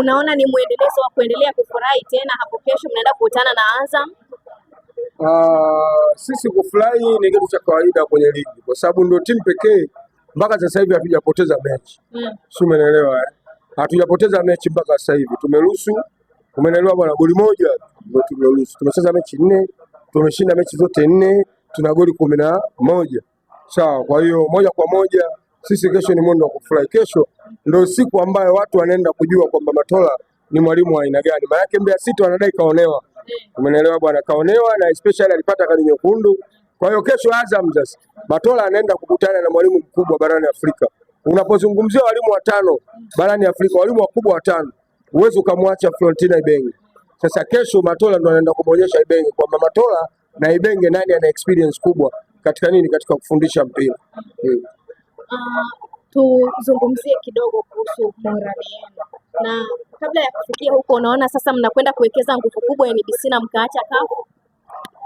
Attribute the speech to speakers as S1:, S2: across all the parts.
S1: unaona ni mwendelezo wa kuendelea kufurahi tena? Hapo kesho mnaenda kukutana na Azam.
S2: Uh, sisi kufurahi ni kitu cha kawaida kwenye ligi kwa sababu ndio timu pekee mpaka sasa hivi hatujapoteza mechi mm. si umeelewa eh? Hatujapoteza mechi mpaka sasa hivi, tumeruhusu, umeelewa bwana, goli moja ndio tumeruhusu. Tumecheza mechi nne, tumeshinda mechi zote nne, tuna goli kumi na moja sawa. Kwa hiyo moja kwa moja sisi kesho ni mwendo wa kufurahi. Kesho ndio siku ambayo watu wanaenda kujua kwamba Matola ni mwalimu wa aina gani. Maana yake Mbeya City wanadai kaonewa, umeelewa bwana, kaonewa na especially alipata kadi nyekundu. Kwa hiyo kesho Azam sasa Matola anaenda kukutana na mwalimu mkubwa barani Afrika. Unapozungumzia walimu watano barani Afrika, walimu wakubwa watano, huwezi ukamwacha Florentina Ibenge. Sasa kesho Matola ndo anaenda kumwonyesha Ibenge kwamba Matola na Ibenge nani ana experience kubwa katika nini, katika kufundisha mpira hmm.
S1: Uh, tuzungumzie kidogo kuhusu morali yenu, na kabla ya kufikia huko, unaona sasa mnakwenda kuwekeza nguvu kubwa NBC na mkaacha kafu?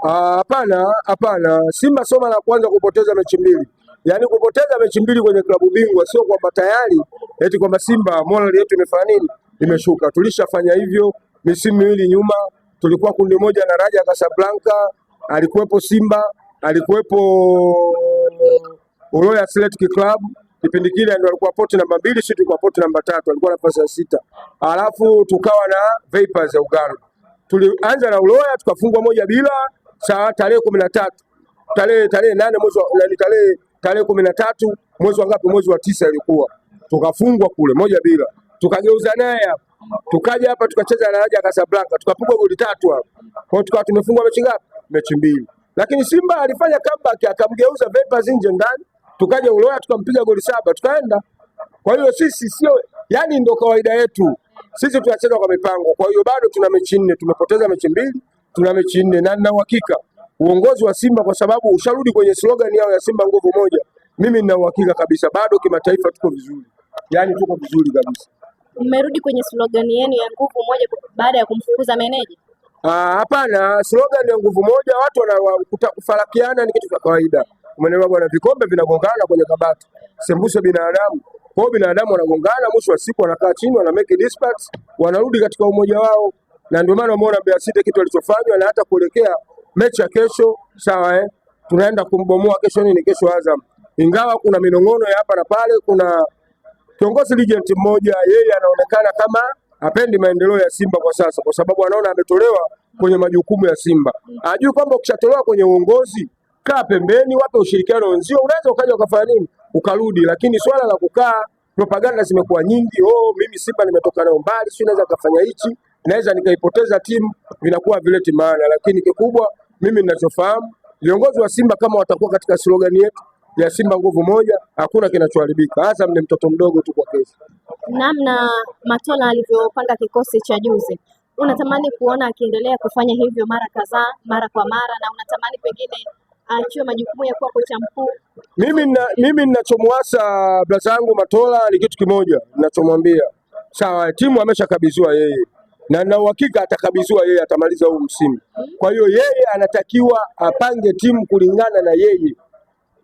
S2: Ah, hapana, hapana. Simba soma la kwanza kupoteza mechi mbili yaani kupoteza mechi mbili kwenye klabu bingwa sio kwamba tayari eti kwamba Simba morali yetu imefanya nini, imeshuka. Tulishafanya hivyo misimu miwili nyuma, tulikuwa kundi moja na Raja Casablanca, alikuwepo Simba, alikuwepo Royal Athletic Club kipindi kile ndio alikuwa poti namba mbili, sisi tulikuwa poti namba tatu, alikuwa nafasi ya sita. Alafu tukawa na Vipers ya Uganda. Tulianza na Uroya tukafungwa moja bila saa tarehe kumi na tatu tarehe tarehe nane mwezi wa tarehe tarehe kumi na tatu mwezi wa ngapi? Mwezi wa tisa ilikuwa tukafungwa kule moja bila, tukageuza naye hapo, tukaja hapa tukacheza na Raja Casablanca tukapigwa goli tatu hapo kwa tukawa tumefungwa mechi ngapi? Mechi mbili. Lakini Simba alifanya comeback akamgeuza Vipers nje ndani tukaja Uloya tukampiga goli saba tukaenda. Kwa hiyo sisi sio, yani ndio kawaida yetu sisi, tunacheza kwa mipango. Kwa hiyo bado tuna mechi nne, tumepoteza mechi mbili, tuna mechi nne, na nina uhakika uongozi wa Simba kwa sababu usharudi kwenye slogan yao ya Simba nguvu moja. Mimi nina uhakika kabisa bado kimataifa tuko vizuri, yani tuko vizuri kabisa.
S1: Mmerudi kwenye slogan yenu ya nguvu moja baada ya kumfukuza meneja?
S2: Ah, hapana, slogan ya nguvu moja watu wanafarakiana, ni kitu cha kawaida Umeelewa bwana? Vikombe vinagongana kwenye kabati, sembuse binadamu. Kwa hiyo binadamu wanagongana, mwisho wa siku wanakaa chini, wana make dispatch, wanarudi katika umoja wao, na ndio maana umeona Mbeya City kitu alichofanywa, na hata kuelekea mechi ya kesho, sawa eh, tunaenda kumbomoa kesho. Nini kesho? Azam. Ingawa kuna minong'ono ya hapa na pale, kuna kiongozi legend mmoja, yeye anaonekana kama hapendi maendeleo ya Simba kwa sasa, kwa sababu anaona ametolewa kwenye majukumu ya Simba. Ajui kwamba ukishatolewa kwenye uongozi kaa pembeni, wape ushirikiano wenzio. Unaweza ukaja ukafanya nini ukarudi, lakini swala la kukaa, propaganda zimekuwa nyingi. Oh, mimi Simba nimetoka nao mbali, si naweza kafanya hichi, naweza nikaipoteza timu, vinakuwa vileti maana. Lakini kikubwa mimi ninachofahamu viongozi wa Simba kama watakuwa katika slogani yetu ya Simba nguvu moja, hakuna kinachoharibika. Azam ni mtoto mdogo tu kwa kesi.
S1: Namna Matola alivyopanga kikosi cha juzi, unatamani kuona akiendelea kufanya hivyo mara kadhaa, mara kwa mara, na unatamani pengine achiwe majukumu ya kuwa kocha mkuu?
S2: Mimi na, mimi ninachomwasa braza yangu Matola ni kitu kimoja ninachomwambia, sawa, timu ameshakabidhiwa yeye na na uhakika atakabidhiwa yeye, atamaliza huu msimu. Kwa hiyo yeye anatakiwa apange timu kulingana na yeye,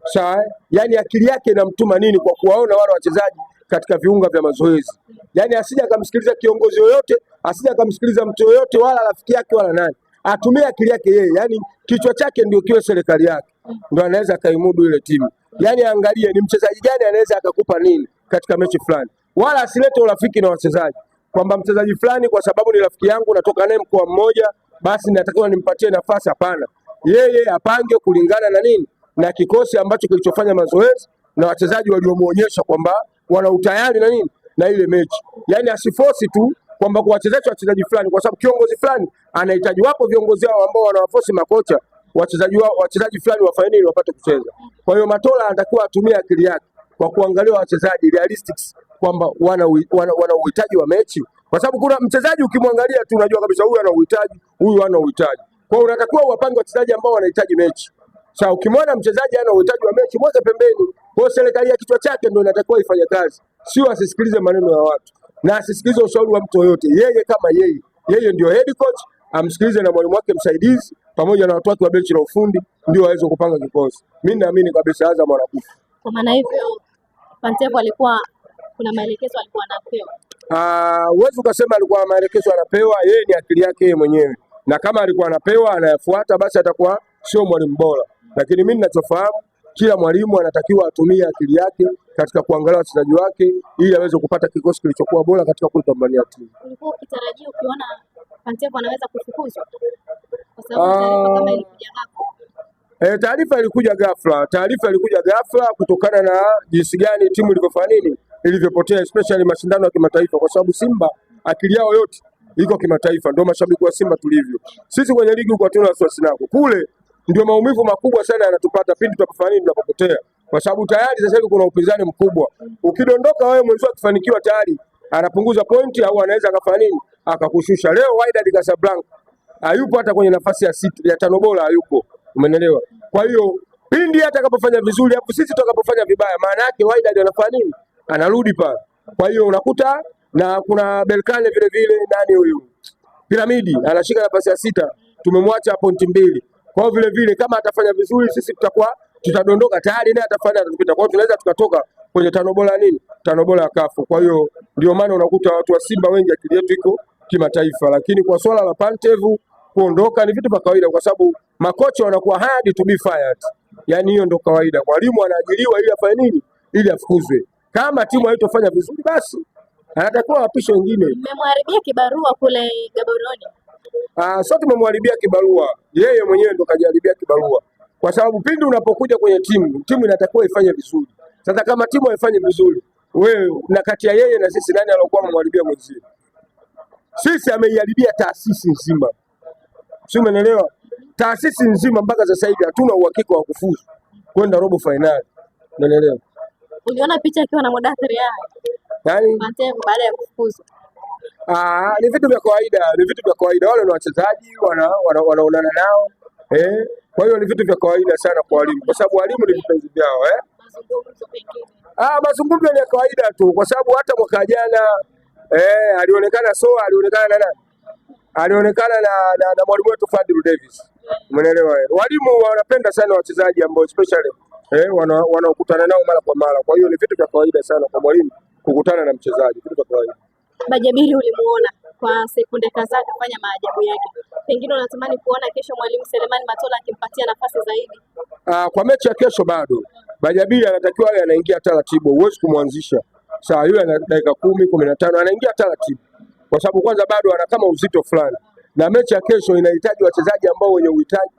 S2: sawa. Yani akili yake inamtuma nini kwa kuwaona wale wachezaji katika viunga vya mazoezi, yani asija akamsikiliza kiongozi yoyote, asija akamsikiliza mtu yoyote, wala rafiki yake wala nani atumie akili yake yeye, yani kichwa chake ndio kiwe serikali yake, ndio anaweza akaimudu ile timu. Yani angalie ni mchezaji gani anaweza akakupa nini katika mechi fulani, wala asilete urafiki na wachezaji kwamba mchezaji fulani kwa sababu ni rafiki yangu natoka naye mkoa mmoja, basi natakiwa nimpatie nafasi. Hapana, yeye apange kulingana na nini na kikosi ambacho kilichofanya mazoezi na wachezaji waliomuonyesha kwamba wana utayari na nini na ile mechi, yani asifosi tu kwamba kwa wachezaji wachezaji fulani, kwa sababu kiongozi fulani anahitaji. Wapo viongozi hao ambao wanawafosi makocha wachezaji wao, wachezaji fulani wafanye nini wapate kucheza. Kwa hiyo Matola anatakiwa atumie akili yake kwa kuangalia wachezaji realistics, kwamba wana wana wana uhitaji wa mechi, kwa sababu kuna mchezaji ukimwangalia tu unajua kabisa huyu ana uhitaji, huyu ana uhitaji. Kwa hiyo unatakiwa uwapange wachezaji ambao wanahitaji mechi. Sasa ukimwona mchezaji ana uhitaji wa mechi, mwache pembeni. Kwa hiyo serikali ya kichwa chake ndio inatakiwa ifanye kazi, sio asisikilize maneno ya watu na asisikize ushauri wa mtu yoyote. Yeye kama yeye, yeye ndio head coach, amsikilize na mwalimu wake msaidizi pamoja na watu wake wa benchi la ufundi, ndio waweze kupanga kikosi. Mimi naamini kabisa Azam anakufa.
S1: Kwa maana hivyo Pantevo alikuwa kuna maelekezo alikuwa anapewa.
S2: Ah, huwezi ukasema alikuwa maelekezo anapewa, yeye ni akili yake yeye mwenyewe, na kama alikuwa anapewa anayafuata, basi atakuwa sio mwalimu bora, lakini mimi ninachofahamu kila mwalimu anatakiwa atumie akili yake katika kuangalia wachezaji wake ili aweze kupata kikosi kilichokuwa bora katika kuipambania timu. Ah. Eh, taarifa ilikuja ghafla, taarifa ilikuja ghafla kutokana na jinsi gani timu ilivyofanya nini, ilivyopotea especially mashindano ya kimataifa, kwa sababu Simba akili yao yote iko kimataifa. Ndio mashabiki wa Simba tulivyo sisi kwenye ligi huko, hatuna wasiwasi nako kule ndio maumivu makubwa sana yanatupata pindi tunapofanya nini, tunapopotea, kwa sababu tayari sasa hivi kuna upinzani mkubwa. Ukidondoka wewe mwenzio akifanikiwa, tayari anapunguza pointi au anaweza akafanya nini, akakushusha. Leo Wydad Casablanca hayupo hata kwenye nafasi ya sita, ya tano bora hayupo, umeelewa? Kwa hiyo pindi hata akapofanya vizuri hapo, sisi tutakapofanya vibaya, maana yake Wydad anafanya nini, anarudi pa. Kwa hiyo unakuta na kuna Berkane vile vile, nani huyu Piramidi anashika nafasi ya sita, tumemwacha pointi mbili kwa hiyo vile vile kama atafanya vizuri sisi tutakuwa tutadondoka tayari, naye atafanya atapita. Kwa hiyo tunaweza tukatoka kwenye tano bora nini, tano bora ya kafu. Kwa hiyo ndio maana unakuta watu wa Simba wengi akili yetu iko kimataifa, lakini kwa swala la Pantevu kuondoka ni vitu vya kawaida, kwa sababu makocha wanakuwa hard to be fired. Yani hiyo ndio kawaida. Mwalimu anaajiriwa ili afanye nini, ili afukuzwe. Kama timu haitofanya vizuri, basi anatakiwa wapishe wengine.
S1: Mmemharibia kibarua kule Gaboroni.
S2: Ah, sote tumemharibia kibarua, yeye mwenyewe ndo kajaribia kibarua, kwa sababu pindi unapokuja kwenye timu, timu inatakiwa ifanye vizuri. Sasa kama timu haifanyi vizuri, wewe na kati ya yeye na sisi, nani aliyokuwa amemharibia mwenzie? Sisi ameiharibia taasisi nzima, si umeelewa? Taasisi nzima mpaka sasa hivi hatuna uhakika wa kufuzu kwenda robo fainali, unaelewa?
S1: Uliona picha akiwa na Mudathir yaani baada ya kufuzu
S2: Ah, ni vitu vya kawaida, ni vitu vya kawaida. Wale ni wachezaji wanaonana wana, wana nao eh. Kwa hiyo ni vitu vya kawaida sana kwa walimu, kwa sababu walimu ni vipenzi vyao eh.
S1: Ah, mazungumzo ni ya kawaida tu, kwa sababu hata mwaka jana eh, alionekana so alionekana na nani, alionekana na, na, na mwalimu wetu Fadil Davis, umeelewa eh? Walimu wanapenda sana wachezaji ambao especially eh, wanaokutana wana nao mara kwa mara. Kwa hiyo ni vitu vya kawaida sana kwa mwalimu kukutana na mchezaji, vitu vya kawaida bajabili ulimuona kwa sekunde kadhaa kufanya maajabu yake, pengine unatamani kuona kesho mwalimu Selemani Matola akimpatia nafasi zaidi?
S2: Aa, ah, kwa mechi ya kesho bado Bajabiri anatakiwa awe anaingia taratibu, huwezi kumwanzisha saa yule ana dakika kumi kumi na tano anaingia taratibu, kwa sababu kwanza bado ana kama uzito fulani, na mechi ya kesho inahitaji wachezaji ambao wenye uhitaji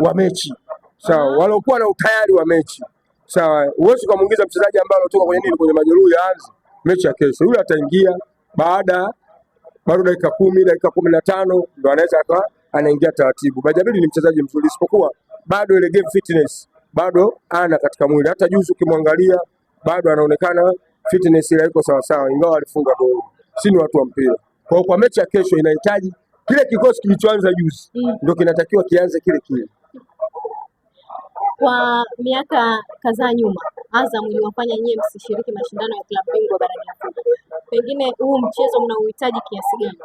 S2: wa mechi sawa, waliokuwa na utayari wa mechi sawa. Huwezi ukamwingiza mchezaji ambaye anatoka kwenye nini, kwenye majeruhi aanze mechi ya kesho, yule ataingia baada bado dakika kumi dakika kumi na tano ndo anaweza akawa anaingia taratibu. Bajabili ni mchezaji mzuri, isipokuwa bado ile game fitness bado ana katika mwili. Hata juzi ukimwangalia bado anaonekana fitness ile iko sawa sawa, ingawa alifunga goli. Si ni watu wa mpira. Kwa kwa mechi ya kesho inahitaji kile kikosi kilichoanza juzi mm. ndio kinatakiwa kianze kile kile.
S1: Kwa miaka kadhaa nyuma Azam iliwafanya nyie msishiriki mashindano ya klabu bingwa barani Afrika, pengine huu mchezo mnauhitaji kiasi gani?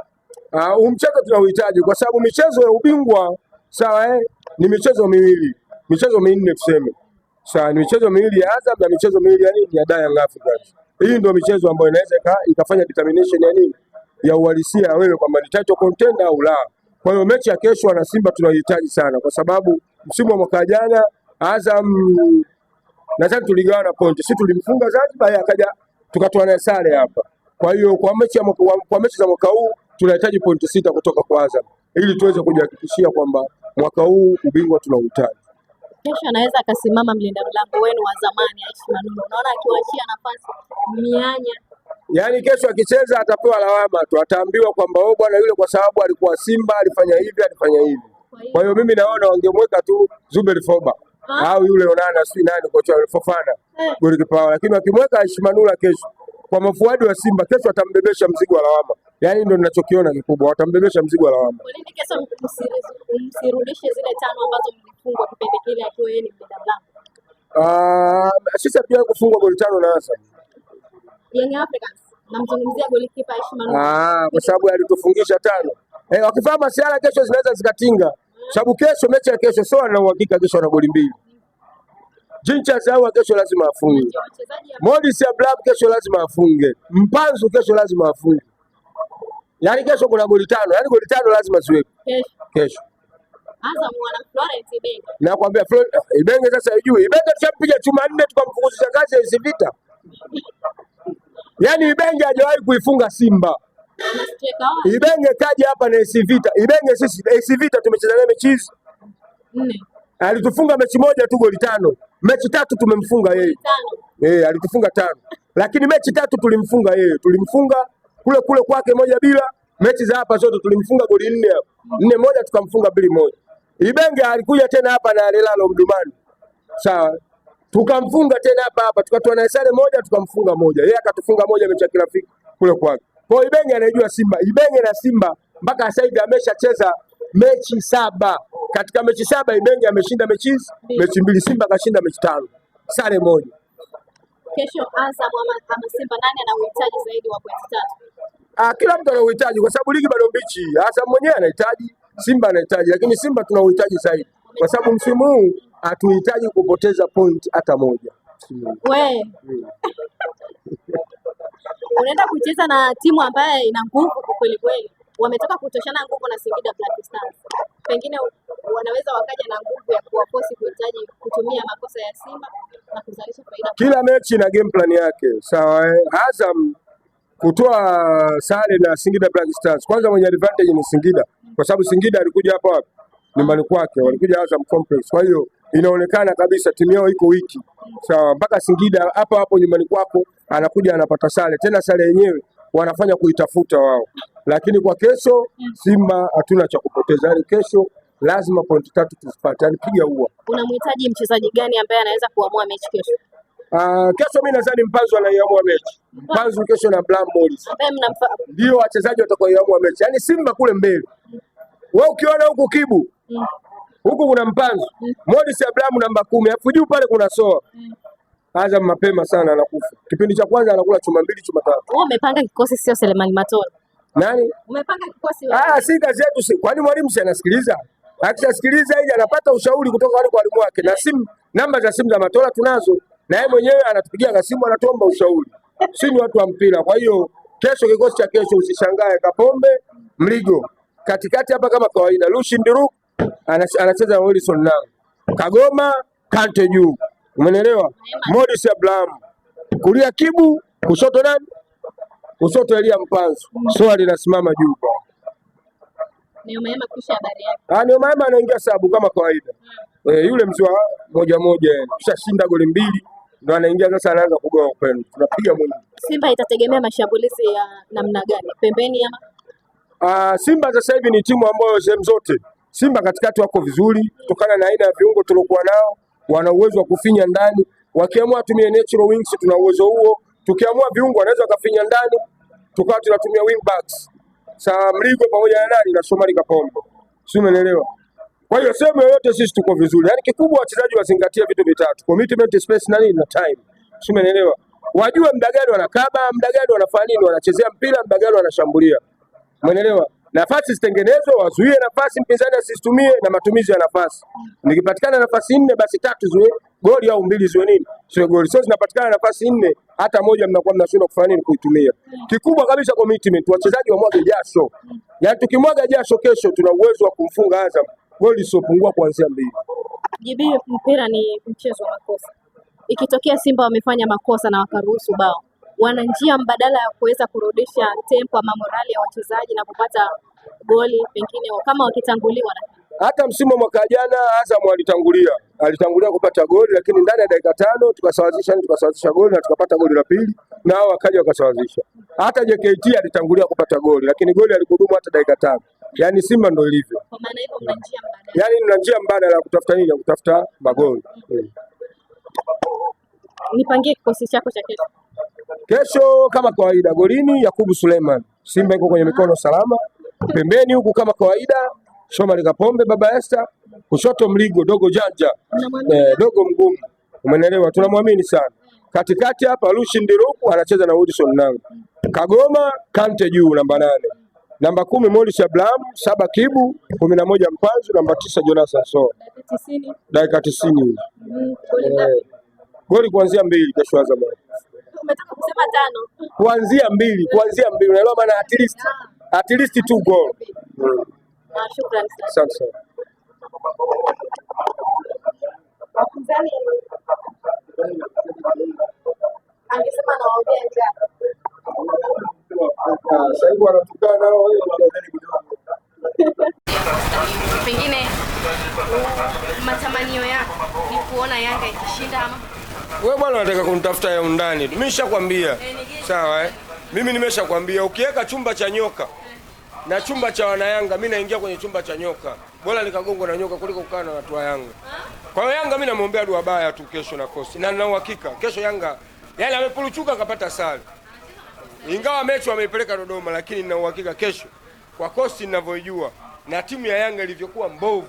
S2: Ah, huu uh, mchezo tunauhitaji kwa sababu michezo ya ubingwa sawa, eh, ni michezo miwili michezo minne tuseme, sawa, ni michezo miwili ya Azam na michezo miwili ya nini ya Young Africans. Hii ndio michezo ambayo inaweza ikafanya determination ya nini ya uhalisia wewe kwamba ni title contender au la. Kwa hiyo mechi ya kesho na Simba tunahitaji sana, kwa sababu msimu wa mwaka jana Azam nadhani tuligawana pointi, sisi tulimfunga Zanzibar, yeye akaja tukatoa naye sare hapa. Kwa hiyo kwa mechi ya mwaka, kwa mechi za mwaka huu tunahitaji pointi sita kutoka kwa Azam ili tuweze kujihakikishia kwamba mwaka huu ubingwa tunauhitaji.
S1: Kesho anaweza akasimama mlinda mlango wenu wa zamani Aishi Manula, unaona akiwaachia nafasi mianya,
S2: yaani kesho akicheza atapewa lawama tu, ataambiwa kwamba wewe oh, bwana yule, kwa sababu alikuwa Simba alifanya hivi alifanya hivi. Kwa hiyo mimi naona wangemweka tu Zuberi Foba au yule Onana si nani kocha Fofana golikipa eh. wao, lakini wakimweka Ishimanula kesho kwa mafuadi wa Simba kesho watambebesha mzigo wa lawama. Yaani ndio ninachokiona kikubwa, watambebesha mzigo wa lawama. Ah, sisi hatujawahi kufungwa goli tano na Azam ah, kwa sababu alitufungisha tano. Eh, wakifanya masiara kesho zinaweza zikatinga sababu kesho, mechi ya kesho sio, ana uhakika kesho ana goli mbili. Jincha Zawa kesho lazima afunge, Modis ya Blab kesho lazima afunge, Mpanzu kesho lazima afunge. Yaani kesho kuna goli tano, yaani goli tano lazima ziwepo kesho. Nakwambia eh, Ibenge sasa ijui Ibenge tushampiga chuma nne tukamfukuzisha kazi ya vita. Yaani Ibenge hajawahi kuifunga Simba Ibenge kaja hapa na AC Vita. Ibenge sisi AC Vita tumecheza naye mechi hizi nne. Alitufunga mechi moja tu goli tano, mechi tatu tumemfunga yeye Tano. eh, alitufunga tano, lakini mechi tatu tulimfunga yeye. Tulimfunga kule kule kwake moja bila, mechi za hapa zote tulimfunga goli nne hapo. nne moja, tukamfunga mbili moja. Ibenge alikuja tena hapa na Alelalo Mdumani, sawa tukamfunga tena hapa hapa, tukatoa na sare moja, tukamfunga moja yeye, akatufunga moja mechi ya kirafiki kule kwake. Kwa Ibenge anaijua Simba. Ibenge na Simba mpaka sasa hivi ameshacheza mechi saba. Katika mechi saba Ibenge ameshinda mechi mechi mbili, Simba akashinda mechi tano, sare moja.
S1: Kesho Azam ama Simba, nani ana uhitaji zaidi wa pointi
S2: tatu? Ah, kila mtu ana uhitaji kwa sababu ligi bado mbichi. Azam mwenyewe anahitaji, Simba anahitaji, lakini Simba tuna uhitaji zaidi kwa sababu msimu huu hatuhitaji kupoteza point hata moja.
S1: We. Hmm unaenda kucheza na timu ambaye ina nguvu kweli kweli, wametoka kutoshana nguvu na Singida Black Stars, pengine wanaweza wakaja na nguvu ya kuwakosi kuhitaji kutumia makosa ya Simba na kuzalisha faida.
S2: Kila mechi na game plan yake sawa. Eh, Azam kutoa sare na Singida Black Stars, kwanza mwenye advantage ni Singida kwa sababu Singida alikuja hapa wapi? Nyumbani kwake, walikuja Azam Complex. Kwa hiyo inaonekana kabisa timu yao iko wiki sawa, mpaka Singida hapo hapo nyumbani kwako anakuja anapata sare tena, sare yenyewe wanafanya kuitafuta wao, lakini kwa kesho Simba hatuna cha kupoteza, yaani kesho lazima pointi tatu tuzipate, yani piga huwa.
S1: Unamhitaji mchezaji gani ambaye anaweza kuamua mechi kesho?
S2: Uh, kesho mi nadhani Mpanzu anaiamua mechi. Mpanzu kesho na Blam Morris ndio wachezaji watakaoiamua mechi, yaani Simba kule mbele. We ukiona huku kibu mm. huku kuna Mpanzu mm. Morris, Blam namba kumi, alafu juu pale kuna soa mm. Azam mapema sana anakufa. Kipindi cha kwanza anakula chuma mbili chuma tatu.
S1: Wewe umepanga kikosi sio Selemani Matoro. Nani? Umepanga kikosi
S2: wewe. Ah, si kazi yetu si. Kwani mwalimu si anasikiliza? Akishasikiliza hivi anapata ushauri kutoka wale kwa walimu wake na simu namba za simu za Matola tunazo na yeye mwenyewe anatupigia na simu anatuomba ushauri. Si ni watu wa mpira. Kwa hiyo kesho, kikosi cha kesho usishangae Kapombe, Mligo. Katikati hapa kama kawaida Lushi Ndiru anacheza na Wilson Nangu. Kagoma Kante juu. Umenelewa? Modus Abraham, kulia Kibu, kushoto nani? Kushoto Elia Mpanzu. Swali linasimama juu kwa Neo ah, anaingia sabu kama kawaida hmm. E, yule mzwa moja moja tushashinda goli mbili ndo anaingia sasa, anaanza kugoa upendo,
S1: tunapiga mwingi. Simba itategemea mashambulizi ya namna gani pembeni ama?
S2: Ah, Simba sasa hivi ni timu ambayo sehemu zote Simba katikati wako vizuri kutokana na aina ya viungo tuliokuwa nao wana uwezo wa kufinya ndani. Wakiamua watumie natural wings, tuna uwezo huo. Tukiamua viungo, anaweza wakafinya ndani, tukawa tunatumia wing backs sa Mrigo pamoja na nani na Shomari Kapombo, si umeelewa? Kwa hiyo sehemu yoyote sisi tuko vizuri, yaani kikubwa wachezaji wazingatie vitu vitatu: commitment, space na nini na time, si umeelewa? Wajue muda gani wanakaba, muda gani wanafanya nini, wanachezea mpira, muda gani wanashambulia, umeelewa? nafasi zitengenezwe, wazuie nafasi, mpinzani asizitumie na matumizi ya nafasi. Nikipatikana nafasi nne, basi tatu ziwe goli au mbili ziwe nini, sio goli. Sio zinapatikana nafasi nne, hata moja mnakuwa mnashindwa kufanya nini, kuitumia. Kikubwa kabisa commitment, wachezaji wamwage jasho. Yani tukimwaga jasho, kesho tuna uwezo wa kumfunga Azam goli sopungua kuanzia mbili.
S1: Jibiri, mpira ni mchezo wa makosa. Ikitokea Simba wamefanya makosa na wakaruhusu bao wana njia mbadala ya kuweza kurudisha tempo ama morali ya wachezaji na kupata goli pengine kama wakitanguliwa?
S2: Hata msimu wa mwaka jana Azam alitangulia alitangulia kupata goli, lakini ndani ya dakika tano tukasawazisha tukasawazisha goli na tukapata goli la pili, na hao wakaja wakasawazisha. Hata JKT alitangulia kupata goli, lakini goli alikudumu hata dakika tano. Yaani Simba ndo ilivyo,
S1: kwa maana hiyo mna njia mbadala,
S2: yaani mna njia mbadala ya kutafuta nini, ya kutafuta magoli.
S1: Nipangie kikosi chako cha kesho.
S2: Kesho kama kawaida, golini Yakubu Suleiman. Simba iko kwenye mikono salama. Pembeni huku kama kawaida, Shomari Kapombe, Baba Esther. kushoto Mligo, dogo janja, eh, dogo mgumu, umenelewa, tunamwamini sana. Katikati hapa Lushi Ndiruku anacheza na Hudson Nangu, Kagoma Kante juu, namba nane namba kumi Morris Abraham, saba Kibu, kumi na moja Mpanzu, namba tisa Jonas So. Dakika 90. Dakika 90. Eh, goli kuanzia mbili kesho Azam
S1: umetaka kusema tano
S2: kuanzia mbili, kuanzia mbili, unaelewa maana at least at least two goal. Ah, shukrani sana.
S1: Pengine matamanio yako ni kuona Yanga ikishinda ama
S2: wewe bwana unataka kunitafuta ya undani tu, mimi nishakwambia. Eh, Sawa eh? Mimi nimeshakwambia ukiweka chumba cha nyoka na chumba cha wanayanga, mimi naingia kwenye chumba cha nyoka, bora nikagongwa na nyoka kuliko kukaa na watu wa Yanga. Kwa hiyo Yanga mimi namwombea dua baya tu kesho na kosi, na nina uhakika kesho Yanga yale amepuruchuka akapata sare, ingawa mechi wameipeleka Dodoma, lakini nina uhakika kesho kwa kosi ninavyojua na timu ya Yanga ilivyokuwa mbovu,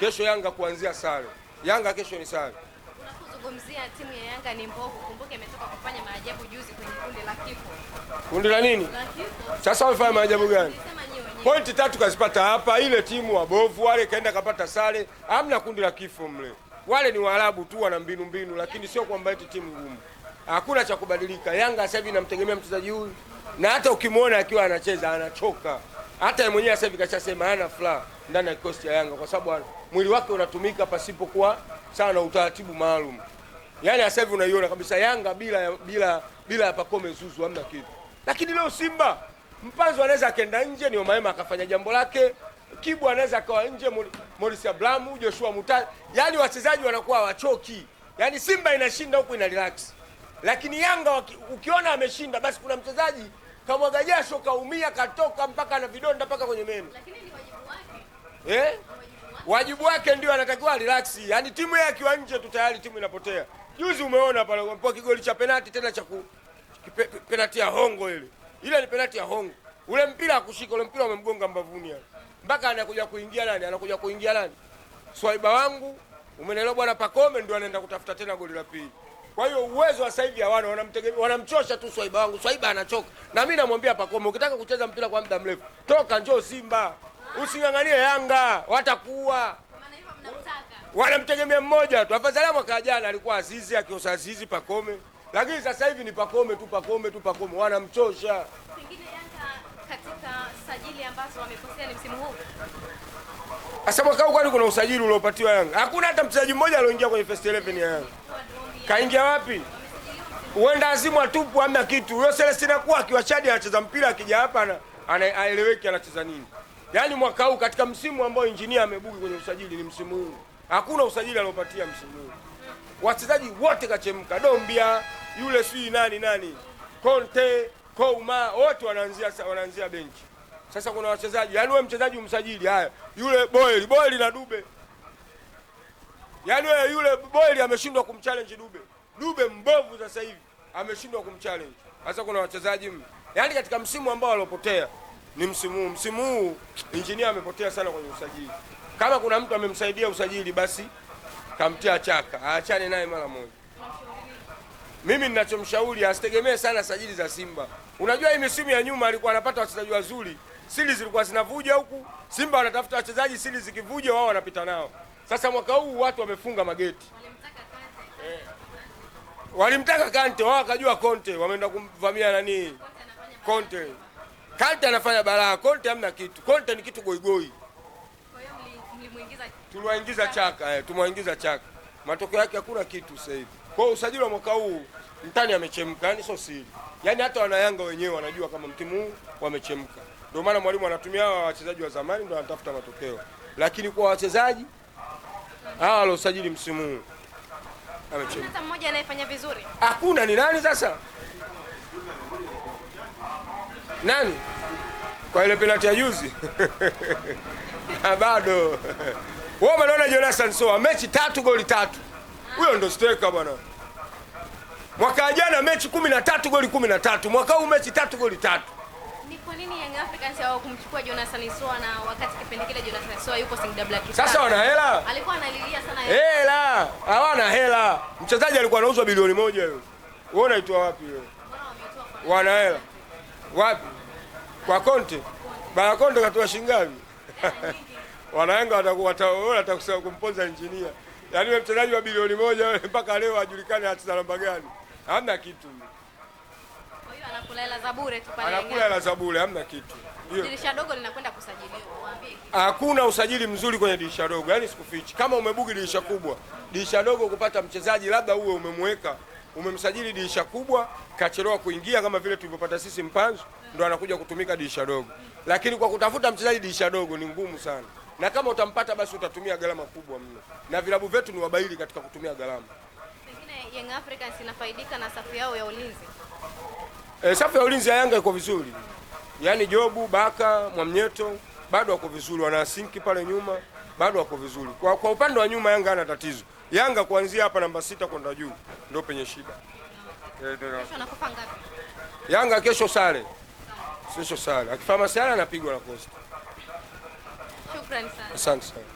S2: kesho Yanga kuanzia sare, Yanga kesho ni sare
S1: unayozungumzia timu ya Yanga ni mbovu. Kumbuke imetoka kufanya maajabu juzi kwenye kundi la kifo.
S2: Kundi la nini? La kifo. Sasa wamefanya maajabu gani? Pointi tatu kazipata hapa, ile timu wabovu wale, kaenda kapata sare. Hamna kundi la kifo mle, wale ni Waarabu tu, wana mbinu mbinu, lakini sio kwamba eti timu ngumu. Hakuna cha kubadilika. Yanga sasa hivi inamtegemea mchezaji huyu, na hata ukimwona akiwa anacheza anachoka. Hata yeye mwenyewe sasa hivi kashasema hana furaha ndani ya kikosi cha Yanga kwa sababu mwili wake unatumika pasipokuwa sana utaratibu maalum. Yani sasa hivi unaiona kabisa Yanga bila bila bila ya Pacome Zuzu hamna kitu. Lakini leo Simba Mpanzo anaweza akaenda nje ni Omaema akafanya jambo lake. Kibu anaweza akawa nje Morris Abramu, Joshua Muta. Yani wachezaji wanakuwa wachoki. Yani Simba inashinda huku ina relax. Lakini Yanga ukiona ameshinda basi kuna mchezaji kamwaga jasho kaumia katoka mpaka na vidonda mpaka kwenye meno.
S1: Lakini ni wajibu
S2: wake. Eh? Wajibu wake ndio anatakiwa relax. Yaani timu yake akiwa nje tu tayari timu inapotea. Juzi umeona pale kwa kigoli cha penati tena cha penati ya hongo ile. Ile ni penati ya hongo. Ule mpira akushika ule mpira umemgonga mbavuni hapo. Mpaka anakuja kuingia nani? Anakuja kuingia nani? Swaiba wangu, umenelewa bwana Pakome ndio anaenda kutafuta tena goli la pili. Kwa hiyo uwezo wa sasa hivi hawana, wanamtegemea wanamchosha tu Swaiba wangu. Swaiba anachoka. Na mimi namwambia Pakome, ukitaka kucheza mpira kwa muda mrefu, toka njoo Simba. Using'ang'anie Yanga, watakuua wanamtegemea mmoja tu. Afadhali mwaka jana alikuwa Azizi akiosa Azizi Pakome, lakini sasa hivi ni Pakome tu Pakome tu Pakome, wanamchosha.
S1: Pengine Yanga katika sajili ambazo wamekosea ni msimu huu.
S2: Sasa mwaka huu kwani kuna usajili uliopatiwa Yanga? Hakuna hata mchezaji mmoja alioingia kwenye first 11 ya Yanga. Kaingia wapi? Huenda azimu atupu ama kitu. Yule Celestina kuwa akiwa Chadi anacheza mpira akija hapa na anaeleweki anacheza nini? Yaani mwaka huu katika msimu ambao injinia amebugi kwenye usajili ni msimu huu hakuna usajili aliopatia msimu huu. Wachezaji wote kachemka, Dombia yule sijui nani nani, Conte Kouma, wote wanaanzia wanaanzia benchi. Sasa kuna wachezaji yaani, wewe mchezaji umsajili, haya yule Boeli Boeli na Dube, yaani wewe yule Boeli ameshindwa kumchallenge Dube. Dube mbovu sasa hivi ameshindwa kumchallenge. Sasa kuna wachezaji yaani, katika msimu ambao waliopotea ni msimu huu. Msimu huu injinia amepotea sana kwenye usajili. Kama kuna mtu amemsaidia usajili, basi kamtia chaka, aachane naye mara moja. Mimi ninachomshauri asitegemee sana sajili za Simba. Unajua hii misimu ya nyuma alikuwa anapata wachezaji wazuri, sili zilikuwa zinavuja huku, Simba wanatafuta wachezaji, sili zikivuja wao wanapita nao. Sasa mwaka huu watu wamefunga mageti eh. Walimtaka Kante, wao wakajua Konte, wameenda kumvamia nani Konte. Kante anafanya balaa, Konte hamna kitu. Konte ni kitu goigoi. goi tuliwaingiza chaka eh, tumewaingiza chaka, matokeo yake hakuna kitu sasa hivi. Kwa usajili wa mwaka huu mtani amechemka, yani sio siri, yani hata wanayanga wenyewe wanajua kama mtimu huu wamechemka. Ndio maana mwalimu anatumia hawa wachezaji wa zamani ndio anatafuta matokeo, lakini kwa wachezaji hawa usajili msimu
S1: huu amechemka. Hata mmoja anayefanya vizuri
S2: hakuna. Ni nani sasa? Nani kwa ile penalti ya juzi? bado wao wanaona Jonathan Soa mechi tatu goli tatu. Huyo ndo steka bwana. Mwaka jana mechi 13 goli 13, mwaka huu mechi tatu goli tatu.
S1: Ni kwa nini Young Africans hawa kumchukua Jonathan Soa na wakati kipindi kile Jonathan Soa yuko Singida Black
S2: Stars? Sasa wana hela.
S1: Alikuwa analilia sana
S2: hela. Hela. Hawana hela. Mchezaji alikuwa anauzwa bilioni moja hiyo. Wewe unaitoa wapi hiyo? Wana hela. Wapi? Kwa Conte. Bana Conte katoa shilingi ngapi? Wanayanga watakusema kumponza injinia, yaani wewe mchezaji wa bilioni moja wewe mpaka leo hajulikani hata namba gani? Hamna kitu.
S1: Kwa hiyo anakula hela za bure tu
S2: pale, anakula hela hamna kitu.
S1: Dirisha dogo linakwenda kusajiliwa,
S2: waambie hakuna usajili mzuri kwenye dirisha dogo, yaani sikufichi. Kama umebugi dirisha kubwa, dirisha dogo kupata mchezaji, labda uwe umemweka umemsajili dirisha kubwa, kachelewa kuingia, kama vile tulivyopata sisi Mpanzu, ndo anakuja kutumika dirisha dogo, lakini kwa kutafuta mchezaji dirisha dogo ni ngumu sana na kama utampata basi utatumia gharama kubwa mno, na vilabu vyetu ni wabaili katika kutumia gharama.
S1: Pengine Young Africans inafaidika na safu yao ya ulinzi.
S2: E, safu ya ulinzi ya Yanga iko vizuri, yaani Jobu Baka Mwamnyeto bado wako vizuri, sinki pale nyuma bado wako vizuri. Kwa, kwa upande wa nyuma Yanga ana tatizo. Yanga kuanzia hapa namba sita kwenda juu ndio penye shida. Eh, Yanga kesho sare, kesho sare, akifama sare anapigwa na Costa.
S1: Shukrani sana. Asante sana.